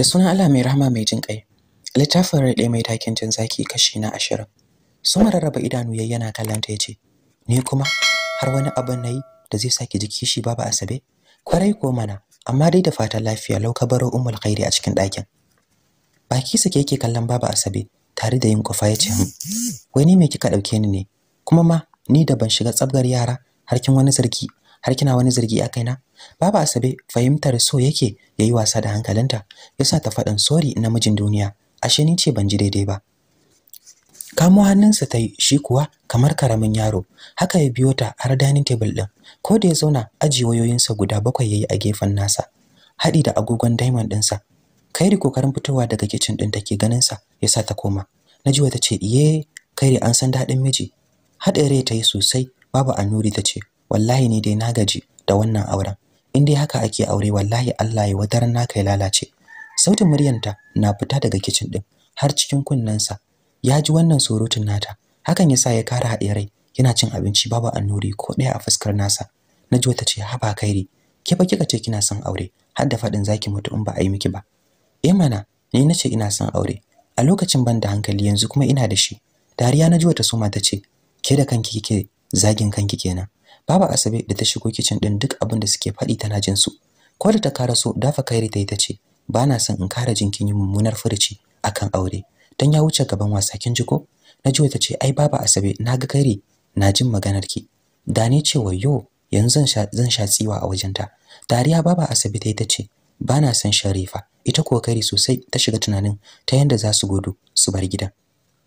da suna Allah mai rahama mai jin kai littafin rai mai takin jin zaki kashi na ashirin su rarraba idanu yayi yana kallanta yace ni kuma har wani abin nayi da zai saki jiki shi babu asabe kwarai ko mana amma dai da fatan lafiya lau ka baro ummul khairi a cikin ɗakin baki sake yake kallon babu asabe tare da yin kufa yace hmm, wai ni me kika dauke ni ne kuma ma ni da ban shiga tsabgar yara har kin wani sarki har kina wani zargi a kaina baba asabe fahimtar so yake yayi wasa da hankalinta yasa ta faɗin sorry namijin duniya ashe ni ce ban ji daidai ba kamo hannunsa ta yi shi kuwa kamar karamin yaro haka ya biyo ta har dining table din ko da ya zauna aji wayoyinsa guda bakwai yayi a gefen nasa haɗi da agogon diamond ɗinsa kairi kokarin fitowa daga kicin ɗin take ganin sa yasa ta koma najiwa wata ce iye kairi an san daɗin miji haɗe rai ta yi sosai babu annuri ta ce wallahi ni dai na gaji da wannan auren in dai haka ake aure wallahi Allah ya wadar naka ya lalace sautin muryanta na fita daga kitchen din har cikin kunnensa ya ji wannan surutun nata hakan yasa ya kara haɗe rai yana cin abinci babu annuri ko ɗaya a fuskar nasa naji wata ce haba kairi ke fa kika ce kina son aure har da fadin zaki mutu in ba a yi miki ba eh mana ni nace ina son aure a lokacin banda hankali yanzu kuma ina da shi dariya na ji wata suma ta ce ke da kanki kike zagin kanki kenan Baba Asabe da ta shigo kicin din duk abin da suke faɗi tana jin su. Ko da ta karaso dafa kairi ta ita ce, "Ba na son in kara jin kin yi mummunar furuci akan aure." Dan ya wuce gaban wasa kin ji ko? Najuwa ta ce, "Ai Baba Asabe, na ga kairi, na jin maganar ki." Da ni ce yo, yanzu zan sha tsiwa a wajenta. Dariya Baba Asabe ta ita ce, "Ba na son Sharifa." Ita ko kairi sosai ta shiga tunanin ta yanda za su gudu su bar gidan.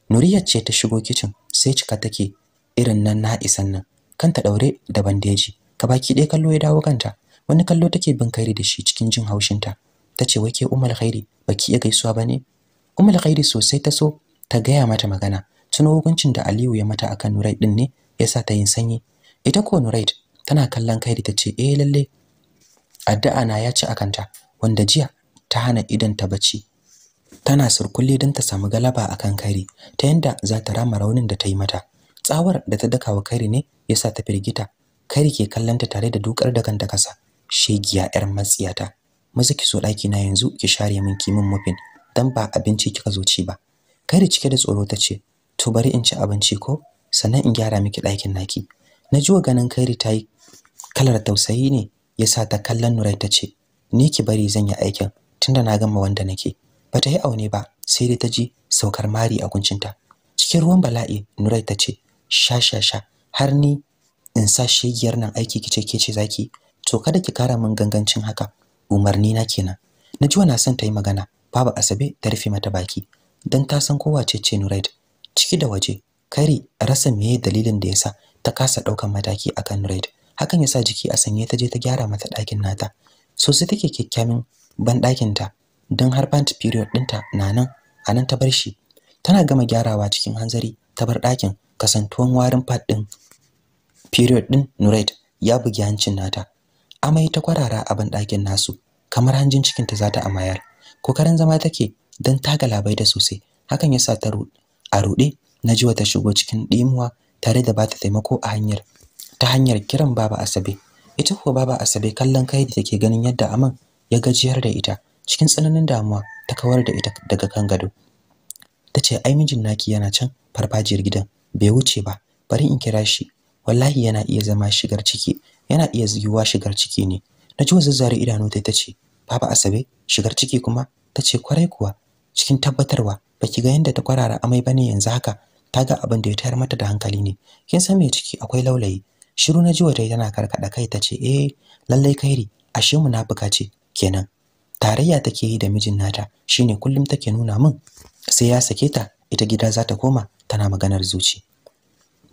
Nuriya ce ta shigo kicin sai cika take irin nan na isan nan kanta daure da bandeji Ka baki ɗaya kallo ya dawo kanta wani kallo take bin kairi da shi cikin jin haushinta ta ce wai ke umar khairi baki iya gaisuwa ba ne umar khairi sosai ta so ta gaya mata magana tuno hukuncin da aliyu ya mata akan nurai din ne ya sa ta yin sanyi ita ko nurai tana kallon kairi tace ce eh lalle addu'a na ya ci akanta wanda jiya ta hana idan ta bacci tana surkulle don ta samu galaba akan kairi ta yanda za ta rama raunin da ta yi mata tsawar da ta daka wa kari ne ya sa ta firgita kari ke kallanta tare da dukar da kanta kasa shegiya yar matsiyata maza ki so daki na yanzu ki share min kimin mufin dan ba abinci kika zo ci ba kari cike da tsoro ta ce to bari in ci abinci ko sannan in gyara miki ɗakin naki na ji wa ganin kairi ta yi kalar tausayi ne ya sa ta kallon nurai ta ce ni ki bari zan yi aikin tunda na gama wanda nake bata yi aune ba sai dai ta ji saukar mari a kuncinta cikin ruwan bala'i nurai ta ce sha sha sha har ni in sa shegiyar nan aiki kice ke ce zaki to kada ki kara min gangancin haka umarni na kenan naji na son ta yi magana babu asabe ta rufe mata baki dan ta san kowa ce ce Nuraid ciki da waje kari rasa meye dalilin da yasa ta kasa daukan mataki akan Nuraid hakan yasa jiki a sanye ta je ta gyara mata ɗakin nata so sai take kyakkyamin ban dakin ta don har pant period ɗinta na nan a nan ta bar shi tana gama gyarawa cikin hanzari ta bar ɗakin kasantuwan warin Pat din period din nurait ya bugi hancin nata amai ta kwarara a banɗakin nasu kamar hanjin cikin ta zata amayar kokarin zama take dan taga labai da sosai hakan yasa ta a rude najiwa ta shigo cikin dimuwa tare da bata taimako a hanyar ta hanyar kiran baba Asabe ita kuwa baba Asabe kallon kai da take ganin yadda aman ya gajiyar da ita cikin tsananin damuwa ta kawar da ita daga kan gado tace ai mijin naki yana can farfajiyar gidan bai wuce ba bari in kira shi wallahi yana iya zama shigar ciki yana iya yiwuwa shigar ciki ne na ji zazzare idanu ta tace baba asabe shigar ciki kuma tace kwarai kuwa cikin tabbatarwa baki ga yanda ta kwarara amai bane yanzu haka ta ga abin da ya tayar mata da hankali ne kin san me ciki akwai laulayi shiru na ji wata tana karkada kai ta ce. eh lallai kairi ashe munafuka ce kenan tarayya take yi da mijin nata shine kullum take nuna min sai ya sake ta ita gida za ta koma tana maganar zuci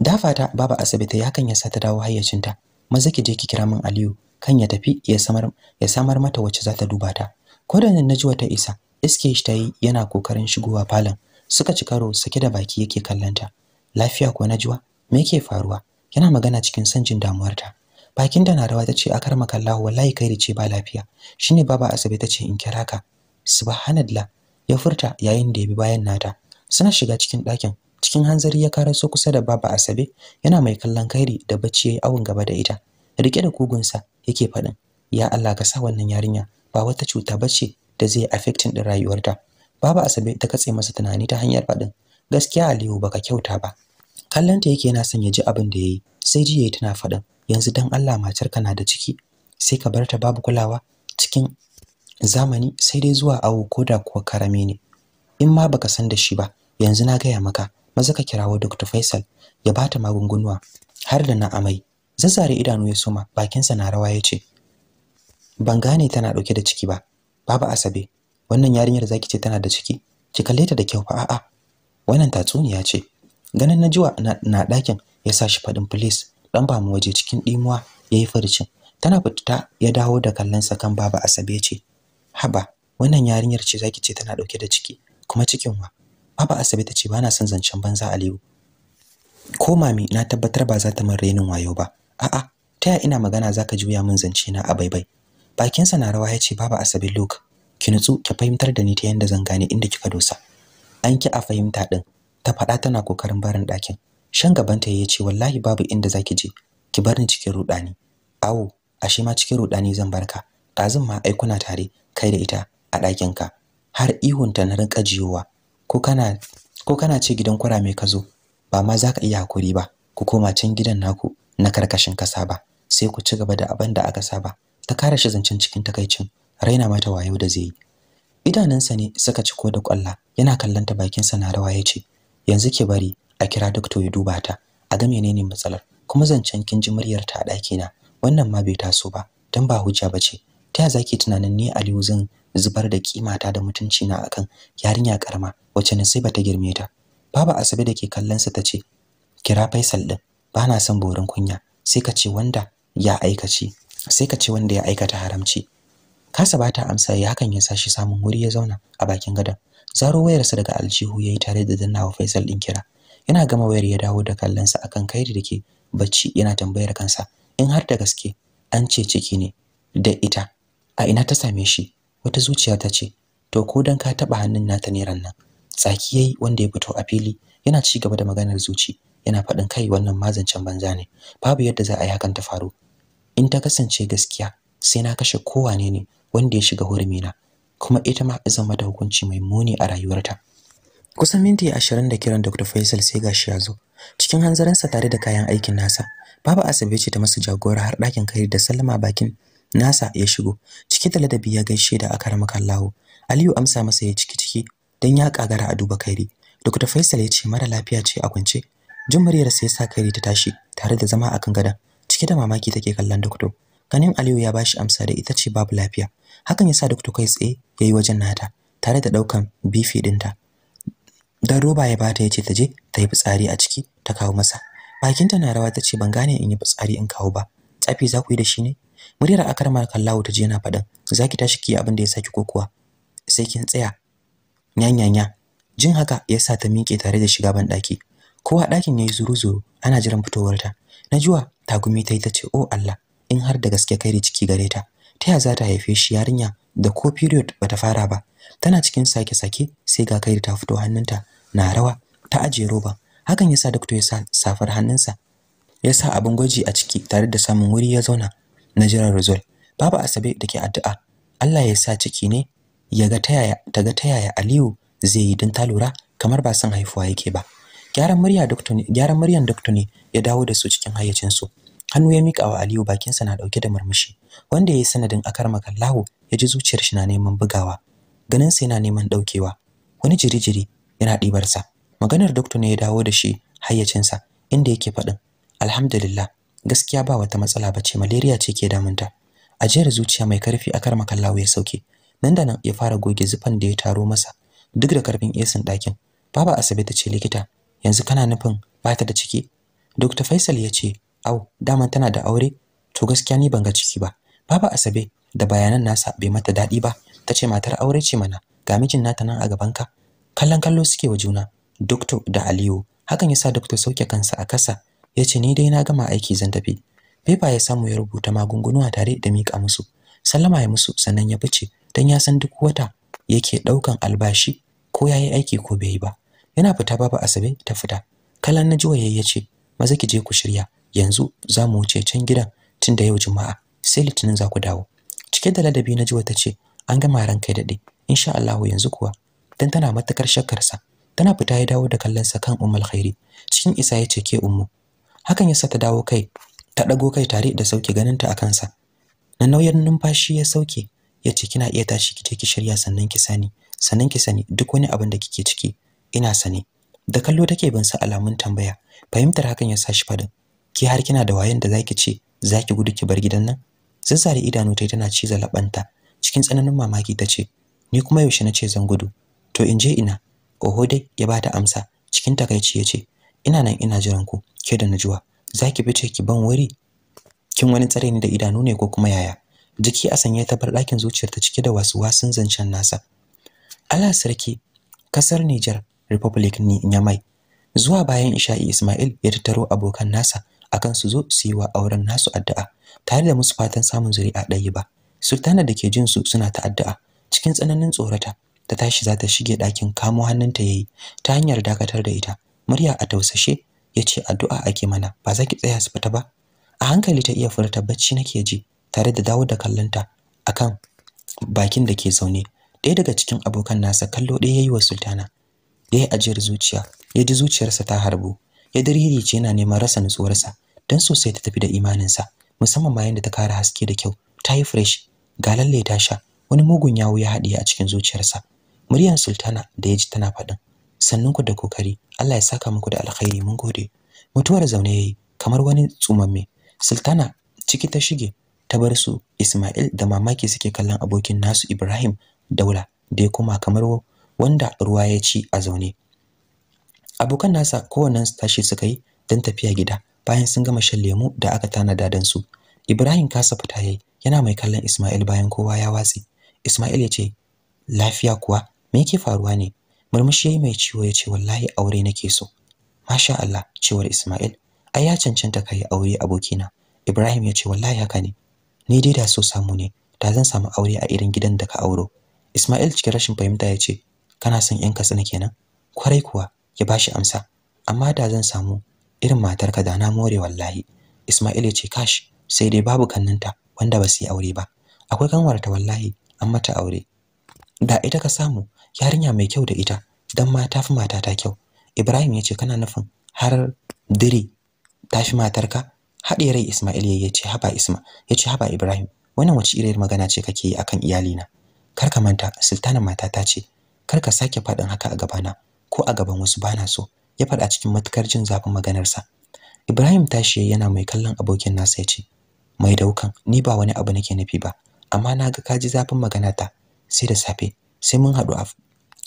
da fata baba asibiti ya kan ya sa ta dawo hayyacinta maza ki je ki kira min Aliyu kan ya tafi ya samar ya samar mata wacce za ta duba ta ko da nan najuwa ta isa iske shi tayi yana kokarin shigowa falon suka ci karo sake da baki yake kallanta lafiya ko najuwa me yake faruwa yana magana cikin son jin damuwarta bakin da na rawa tace akar makallahu wallahi kai rice ba lafiya shine baba asabe ce in kira ka subhanallah ya furta yayin da ya bi bayan nata suna shiga cikin ɗakin cikin hanzari ya karaso kusa da baba asabe yana mai kallon kairi da bacci yayi awon gaba da ita rike da kugunsa yake faɗin ya Allah ka sa wannan yarinya ba wata cuta bace da zai affecting din rayuwarta baba asabe ta katse masa tunani ta hanyar faɗin gaskiya Aliyu baka kyauta ba kallanta yake yana son ya ji abin da yayi sai ji yayi tana faɗin yanzu dan Allah matar kana da ciki sai ka bar ta babu kulawa cikin zamani sai dai zuwa awo koda kuwa karami ne in ma baka san da shi ba yanzu na gaya maka maza ka kirawo Dr. Faisal ya bata magungunwa har da na amai zazzare idanu ya soma bakinsa na rawa ya ce. ban gane tana dauke da ciki ba baba asabe wannan yarinyar zaki ce tana da ciki ki kalle ta da kyau fa a'a wannan tatsuniya ce ganin najuwa na, na dakin ya sa shi faɗin police dan ba mu waje cikin dimuwa yayi furcin tana fita ya dawo da kallonsa kan baba asabe ce haba wannan yarinyar ce zaki ce tana dauke da ciki kuma cikin wa Baba Asabe ta ce ba na son zancen banza Aliyu. Ko mami na tabbatar ba za ta min renin wayo ba. A'a, ta ya ina magana za ka juya min zance na a baibai. Bakinsa na rawa ya ce Baba Asabe Luke, ki nutsu ki fahimtar da ni ta yanda zan gane inda kika dosa. An ki a fahimta din. Ta faɗa tana kokarin barin ɗakin. Shan gabanta ya ce wallahi babu inda za ki je. Ki bar ni cikin rudani. Awo, ashe ma cikin rudani zan barka. Ɗazun ma ai kuna tare kai da ita a ɗakinka. Har ihunta na rinka jiyowa ko kana ko ce gidan kurame ka zo ba ma za ka iya hakuri ba ku koma can gidan naku na karkashin kasa ba sai ku ci gaba da abin da aka saba ta kare shi zancen cikin takaicin raina mata wayo da zai yi idanunsa ne suka ko da kwalla yana kallon ta bakin sa na rawa ya ce. yanzu ke bari a kira dokto ya duba ta a ga menene matsalar kuma zancen kin ji muryar ta a daki na wannan ma bai taso ba dan ba hujja ba ce. ta zaki tunanin ni Aliyu zan zubar da kimata da mutunci na akan yarinya karma wacce Nasiba ta girme ta. Baba Asabe da ke kallon su ta ce, "Kira Faisal din, ba na son borin kunya, sai ka ce wanda ya aikace, sai ka wanda ya aikata haramci." Kasa ba ta amsa ya hakan ya sa shi samun wuri ya zauna a bakin gadon. Zaro wayarsa daga aljihu yayi tare da dannawa Faisal din kira. Yana gama wayar ya dawo da kallon kallonsa akan kairi da ke bacci yana tambayar kansa in har da gaske an ce ciki ne da ita a ina ta same shi wata zuciya ta ce to ko dan ka taba hannun nata ne nan? tsaki yayi wanda ya fito a fili yana ci gaba da maganar zuci yana faɗin kai wannan mazancen banza ne babu yadda za a yi hakan ta faru in ta kasance gaskiya sai na kashe kowane ne wanda ya shiga hurumina kuma ita ma zan mata hukunci mai muni a rayuwarta kusan minti ashirin da kiran Dr. Faisal sai gashi ya zo cikin hanzarinsa tare da kayan aikin nasa babu Asabe ce ta masa jagora har ɗakin kai da salama bakin nasa ya shigo ciki da ladabi ya gaishe da karama makallawo Aliyu amsa masa ya ciki ciki don ya kagara a duba kairi Dr. Faisal ya ce mara lafiya ce a kwance jin muryar ya sa kairi ta tashi tare da zama akan gadon cike da mamaki take kallon doctor ganin Aliyu ya bashi amsa da ita ce babu lafiya hakan yasa doctor kai tsaye yi wajen nata tare da daukan bifi dinta dan roba ya bata ya ce ta je ta yi fitsari a ciki ta kawo masa bakinta na rawa ta ce ban gane in yi fitsari in kawo ba tsafi za ku yi da shi ne muryar akarmar kallawo ta je yana faɗin zaki tashi ki abin da ya saki ko kuwa sai kin tsaya nyanyanya jin haka yasa ta miƙe tare da shiga ban daki kowa ɗakin ya yi zuru-zuru ana jiran fitowar fitowarta najuwa tagumi ta yi ta ce o allah in har da gaske kai da ciki gare ta ta ya za ta haife shi yarinya da ko period bata fara ba tana cikin sake-sake sai ga kai ta fito hannunta na rawa ta ajiye roba hakan yasa sa doctor Yasa, safar hannunsa ya sa abin gwaji a ciki tare da samun wuri ya zauna na jiran result babu asabe da ke addu'a Allah ya sa ciki ne ya ga ta yaya Aliyu zai yi don ta lura kamar ba san haifuwa yake ba gyaran murya doctor ne muryan doctor ne ya dawo da su cikin hayyacin su hannu ya mika wa Aliyu sa na dauke da murmushi wanda yi sanadin akar makallahu ya ji zuciyar shi na neman bugawa ganin sa yana neman daukewa wani jirijiri yana ɗibar sa maganar doctor ne ya dawo da shi hayyacinsa inda yake faɗin alhamdulillah gaskiya ba wata matsala ba ce malaria ce ke damunta ajiyar zuciya mai karfi akar makallahu ya sauke nan da nan ya fara goge zufan da ya taro masa duk da karfin esin ɗakin baba asabe ta ce likita yanzu kana nufin ba ta da ciki dr faisal ya ce au daman tana da aure to gaskiya ni ban ga ciki ba baba asabe da bayanan nasa bai mata daɗi ba ta ce matar aure ce mana ga mijin nata nan a gabanka kallon kallo suke wa juna Dr. da aliyu hakan yasa doctor sauke kansa a kasa ya ce ni dai na gama aiki zan tafi Pepa ya samu ya rubuta magunguna tare da mika musu. Sallama ya musu sannan ya fice dan ya san duk wata yake ɗaukan albashi ko yayi aiki ko bai yi ba yana fita babu asabe ta fita kalan na jiwaye yace maza ki je ku shirya yanzu za mu wuce can gidan tun da yau juma'a sai litinin za ku dawo cike da ladabi na jiwa ta ce an gama ran kai daɗe insha Allahu yanzu kuwa dan tana matakar shakkarsa tana fita ya dawo da kallon sa kan ummul khairi cikin isa ya ce ke ummu hakan yasa ta dawo kai ta ɗago kai tare da sauke ganinta a kansa na nauyin numfashi ya sauke ya ce kina iya tashi ki ki shirya sannan ki sani sannan ki sani duk wani abin da kike ciki ina sani. da kallo take ban sa alamun tambaya fahimtar hakan ya sa shi fadin ki har kina da wayan da zaki ce zaki gudu ki bar gidan nan zazzare idanu tai tana ciza labanta cikin tsananin mamaki ta ce, ni kuma yaushe nace zan gudu to in je ina oho dai ya bata amsa cikin takaici ce, ina nan ina jiran ku ke da najuwa zaki fice ki ban wuri kin wani tsare ni da idanu ne ko kuma yaya jiki a sanye ta bar ɗakin ta cike da wasu wasun zancen nasa Allah sarki kasar Niger Republic ni Nyamai zuwa bayan Isha'i Ismail ya tattaro abokan nasa akan su zo su yi wa auren nasu addu'a tare da musu fatan samun zuri'a ɗaya ba sultana da ke jin su suna ta addu'a cikin tsananin tsorata ta tashi za ta shige ɗakin kamo hannunta ya yi. ta hanyar dakatar da ita murya a tausashe ya ce addu'a ake mana ba za ki tsaya su fita ba a hankali ta iya furta bacci nake ji tare da dawo da kallonta akan bakin da ke zaune ɗaya daga cikin abokan nasa kallo ɗaya yayi wa sultana yayi ajiyar zuciya ya ji zuciyarsa ta harbu ya ce yana neman rasa nutsuwarsa dan sosai ta tafi da imaninsa musamman bayan da ta kara haske da kyau ta yi fresh ga lalle ta sha wani mugun yawo ya haɗiye a cikin zuciyarsa muryar sultana da ya ji tana faɗin sannan ku da kokari Allah ya saka muku da alkhairi mun gode mutuwar zaune yayi kamar wani tsumamme sultana ciki ta shige ta bar su Ismail da mamaki suke kallon abokin nasu Ibrahim Daula da ya koma kamar wanda ruwa ya ci a zaune. Abokan nasa kowane su tashi suka yi don tafiya gida bayan sun gama shan lemu da aka tanada dadan su. Ibrahim kasa fita yayi yana mai kallon Ismail bayan kowa ya watsi. Ismail ya ce, "Lafiya kuwa, me yake faruwa ne?" Murmushi yayi mai ciwo ya ce, "Wallahi aure nake so." Masha Allah, cewar Ismail, "Ai ya cancanta kai aure abokina." Ibrahim ya ce, "Wallahi haka ne." ni dai da so samu ne da zan samu aure a irin gidan da ka auro Ismail cikin rashin fahimta ya ce kana son ka katsina kenan kwarai kuwa ya bashi amsa amma da zan samu irin matar ka da na more wallahi Ismail ya ce kash sai dai babu kannanta wanda ba su yi aure ba akwai kanwarta wallahi an mata aure da ita ka samu yarinya mai kyau da ita dan ma ta fi matata kyau Ibrahim ya ce kana nufin har diri ta fi matarka haɗe rai Ismail ya ce haba Isma ya ce haba Ibrahim wannan wace irin magana ce kake yi akan na? kar ka manta sultanin ta ce kar ka sake faɗin haka a gabana ko a gaban wasu bana so ya faɗa cikin matukar jin zafin maganarsa Ibrahim tashi yana mai kallon abokin nasa ya ce mai daukan ni ba wani abu nake nufi ba amma na ga kaji zafin maganata sai da safe sai mun haɗu a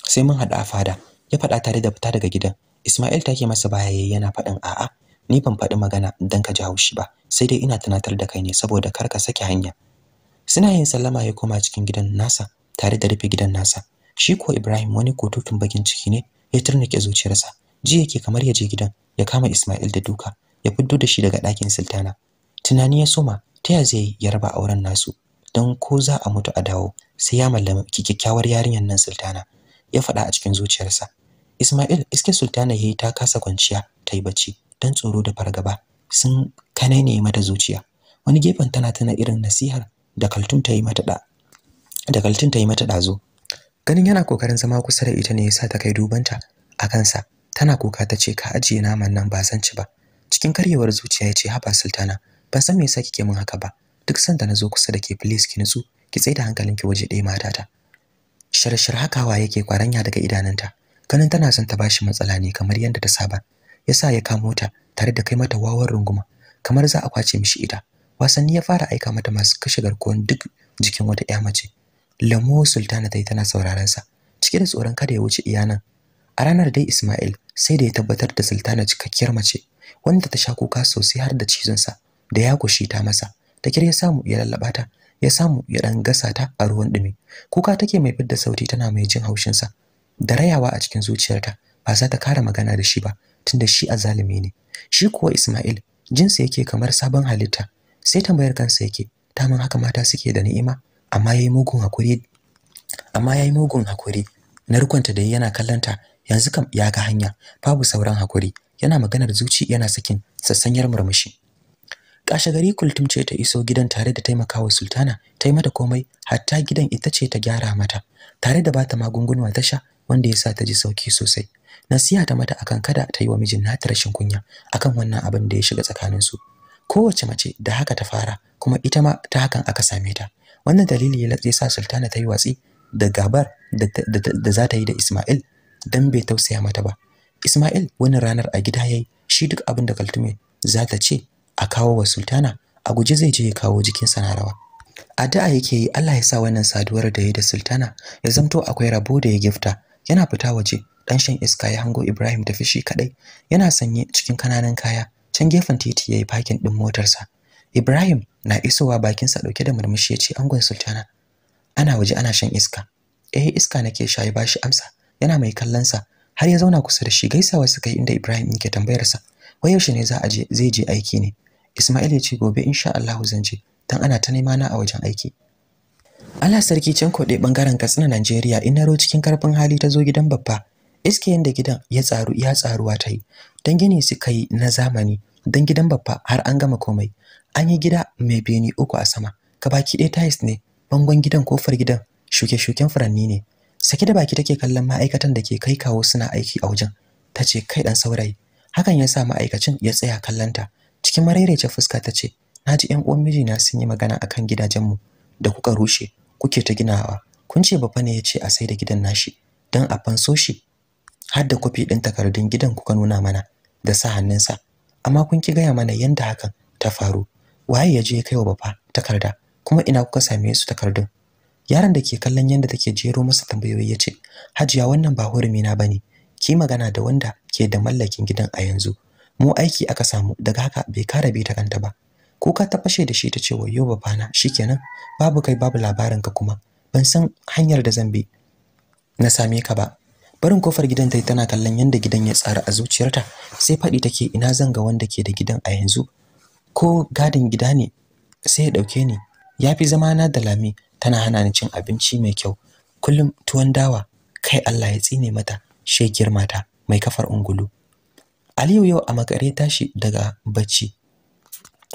sai mun haɗu a fada ya faɗa tare da fita daga gidan Ismail take masa baya yana faɗin a'a ni ban faɗi magana dan ka ji haushi ba sai dai ina tunatar da kai ne saboda kar ka sake hanya suna yin sallama ya koma cikin gidan nasa tare da rufe gidan nasa shi ko Ibrahim wani kotutun bakin ciki ne ya turnike zuciyarsa ji yake kamar ya je gidan ya kama Ismail da duka ya fiddo da shi daga ɗakin sultana tunani ya soma ta ya zai ya raba auren nasu don ko za a mutu a dawo sai ya mallama kyakkyawar yarinyar nan sultana ya faɗa a cikin zuciyarsa Ismail iske sultana yayi ta kasa kwanciya ta yi bacci don tsoro da fargaba sun kanane mata zuciya wani gefen tana tana irin nasihar da kaltun ta yi mata da da kaltun ta mata dazo ganin yana kokarin zama kusa da ita ne yasa ta kai dubanta a kansa tana kuka ta ce ka ajiye naman nan ba san ci ba cikin karyewar zuciya ya ce haba sultana ban san me yasa kike min haka ba duk sanda na zo kusa da ke please ki nutsu ki tsaye da hankalinki waje ɗaya matata sharshar hakawa yake kwaranya daga idananta ganin tana son ta bashi matsala ne kamar yadda ta saba Ya sa ya kamo ta tare da kai mata wawan runguma kamar za a kwace mishi ita wasanni ya fara aika mata masu kashe garkuwan duk jikin wata ƴa mace lamo sultana tai tana sauraron sa cike da tsoron kada ya wuce iyanan a ranar dai Ismail sai da ya tabbatar da sultana cikakkiyar mace wanda ta sha kuka sosai har da cizon sa da ya goshi ta masa ta kire ya samu ya lallaba ta ya samu ya dan gasa ta a ruwan dumi kuka take mai fidda sauti tana mai jin haushin sa da rayawa a cikin zuciyarta ba za ta kara magana da shi ba tunda shi a zalumi ne shi kuwa Ismail jinsi yake kamar sabon halitta sai tambayar kansa yake ta mun haka mata suke da ni'ima amma yayi mugun hakuri amma yayi mugun hakuri na rukunta da yana kallanta yanzu kam ya ga hanya babu sauran hakuri yana maganar zuci yana sakin sassanyar murmushi gari kultum ce ta iso gidan tare da taimakawa sultana ta yi mata komai hatta gidan ita ce ta gyara mata tare da bata magunguna ta sha wanda ya sa ta ji sauki sosai nasiha ta mata akan kada ta yi wa mijin nata rashin kunya akan wannan abin da ya shiga tsakaninsu kowace mace da haka ta fara kuma ita ma ta hakan aka same ta wannan dalili ya sa sultana ta yi watsi da gabar da za ta yi da ismail don bai tausaya mata ba ismail wani ranar a gida ya yi shi duk abin da kaltume za ta ce a kawo wa sultana a guji zai je ya kawo jikinsa na rawa A da yake yi Allah ya sa wannan saduwar da ya da sultana ya zamto akwai rabo da ya gifta yana fita waje dan shan iska ya hango Ibrahim da fishi kadai yana sanye cikin kananan kaya can gefen titi yayi parking din motarsa Ibrahim na isowa bakin sa dauke da murmushi ya yace angon sultana ana waje ana shan iska eh iska nake shayi bashi amsa yana mai kallon sa har ya zauna kusa da shi gaisawa suka yi inda Ibrahim yake tambayar sa wai yaushe ne za a je zai je aiki ne Ismail ya ce gobe insha Allah zan je dan ana ta nema na a wajen aiki Allah sarki can koɗe bangaren Katsina Najeriya in naro cikin karfin hali ta zo gidan babba iske yadda gidan ya tsaru ya tsaruwa ta yi don gini suka yi na zamani don gidan babba har an gama komai an yi gida mai beni uku a sama Ka baki ɗaya tiles ne bangon gidan kofar gidan shuke-shuken furanni ne Saki da baki take kallon ma'aikatan da ke kai kawo suna aiki a wajen ta ce kai ɗan saurayi hakan ya sa ma'aikacin ya tsaya kallonta cikin marairaice fuska ta ce na ji 'yan uwan mijina sun yi magana akan gidajenmu da kuka rushe kuke ta ginawa kun ce babba ne ya ce a sai da gidan nashi don a fanso shi har da kwafi ɗin takardun gidan kuka nuna mana da sa hannunsa amma kun ki gaya mana yanda hakan ta faru waye ya je ya kai wa bafa takarda kuma ina kuka same su takardun yaron da ke kallon yanda take jero masa tambayoyi ya ce hajiya wannan ba hurumi na bane ki magana da wanda ke da mallakin gidan a yanzu mu aiki aka samu daga haka bai kara bi ta kanta ba kuka ta fashe da shi ta ce wayo na shikenan babu kai babu labarin ka kuma ban san hanyar da zan bi na same ka ba barin kofar gidan tai tana kallon yanda gidan ya tsara a zuciyarta sai faɗi take ina zan ga wanda ke da gidan a yanzu ko gadin gida ne sai ya ɗauke ni ya fi zama na da lami tana hana ni cin abinci mai kyau kullum tuwon dawa kai Allah ya tsine mata shekiyar mata mai kafar ungulu Aliyu yau a makare tashi daga bacci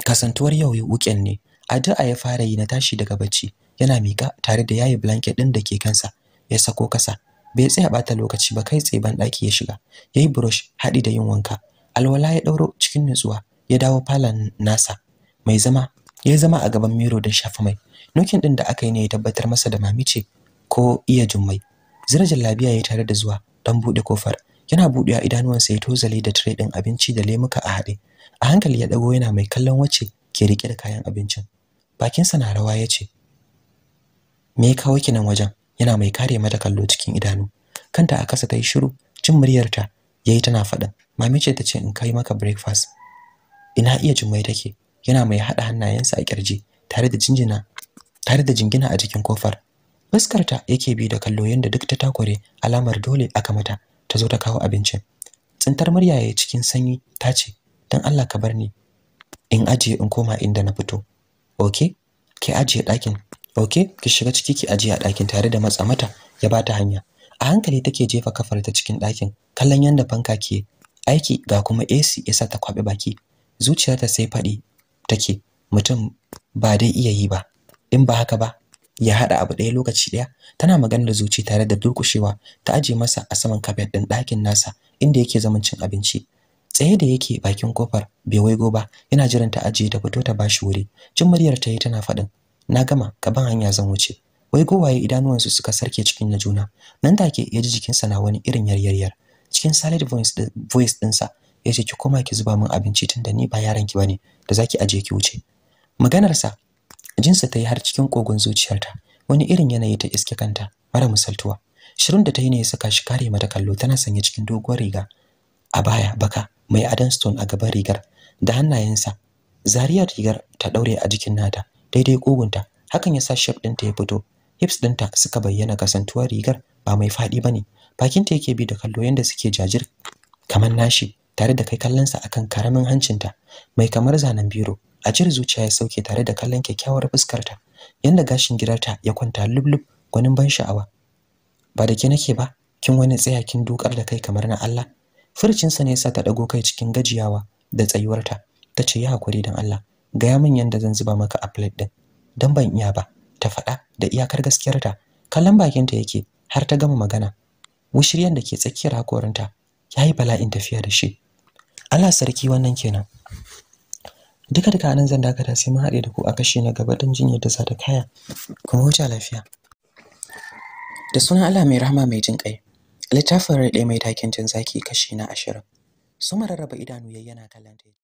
kasantuwar yau weekend ne addu'a ya fara yi na tashi daga bacci yana mika tare da yayi blanket ɗin da ke kansa ya sako kasa bai tsaya bata lokaci ba kai tsaye ban daki ya shiga yayi brush haɗi da yin wanka alwala ya ɗauro cikin nutsuwa ya dawo falon nasa mai zama ya zama a gaban miro don shafa mai nokin ɗin da aka yi ne ya tabbatar masa da mami ce ko iya jummai zirajin labiya ya tare da zuwa don buɗe kofar yana buɗewa idanuwansa ya tozale da tire din abinci da lemuka a haɗe a hankali ya dago yana mai kallon wacce ke rike da kayan abincin bakinsa na rawa ya ce me ya kawo kinan wajen yana mai kare mata kallo cikin idanu kanta a kasa ta shiru jin muryarta yayi tana fada mami ce ta ce in kai maka breakfast ina iya jummai take yana mai haɗa hannayensa a kirji tare da jinjina tare da jingina a jikin kofar fuskarta yake bi da kallo yanda duk ta takure alamar dole aka mata ta zo ta kawo abinci. tsintar murya yayi cikin sanyi ta ce dan Allah ka bar ni in ajiye in koma inda na fito okay ki ajiye dakin. Oke, ki shiga ciki ki ajiye a ɗakin tare da matsa mata ya bata hanya. A hankali take jefa kafar ta cikin ɗakin, kallon yanda fanka ke aiki ga kuma AC ya sa ta kwaɓe baki. Zuciyarta sai faɗi take mutum ba dai iya yi ba. In ba haka ba, ya haɗa abu ɗaya lokaci ɗaya tana maganar zuci tare da durkushewa ta aje masa a saman kafet ɗin ɗakin nasa inda yake zaman cin abinci tsaye da yake bakin kofar bai waigo ba yana jiran ta aje ta fito ta bashi wuri jin muryar ta yi tana faɗin na gama ka ban hanya zan wuce wai gowaye idanuwansu suka sarke cikin na juna nan take ya ji jikinsa na wani irin yaryaryar cikin solid voice voice dinsa ya ce ki koma ki zuba min abinci tun da ni ba yaran ki bane da zaki aje ki wuce maganarsa jinsa ta yi har cikin kogon zuciyarta wani irin yanayi ta iske kanta mara misaltuwa shirin da ta yi ne ya saka shi kare mata kallo tana sanye cikin doguwar riga a baya baka mai adon stone a gaban rigar da hannayensa zariyar rigar ta daure a jikin nata daidai kugunta hakan ya sa shape ɗinta ya fito hips ɗinta suka bayyana kasantuwar rigar ba mai faɗi bane bakinta yake bi da kallo yanda suke jajir kamar nashi tare da kai kallonsa akan karamin hancinta mai kamar zanen biro a jir zuciya ya sauke tare da kallon kyakkyawar fuskarta yanda gashin girarta ya kwanta lublub gwanin ban sha'awa ba da ke nake ba kin wani tsaya kin dukar da kai kamar na Allah sa ne sa ta dago kai cikin gajiyawa da tsayuwarta tace ya hakuri dan Allah gaya min yanda zan zuba maka a din dan ban iya ba ta faɗa da iyakar gaskiyarta kallon bakinta yake har ta gama magana wushiryan da ke tsakiyar hakorinta yayi bala'in tafiya da shi Allah sarki wannan kenan duka duka nan zan dakata sai mun haɗe da ku a kashi na gaba don jinyar da za kaya kuma huta lafiya da sunan Allah mai rahama mai jin kai littafin rai mai takin jin zaki kashi na ashirin su idanu yayi yana kallon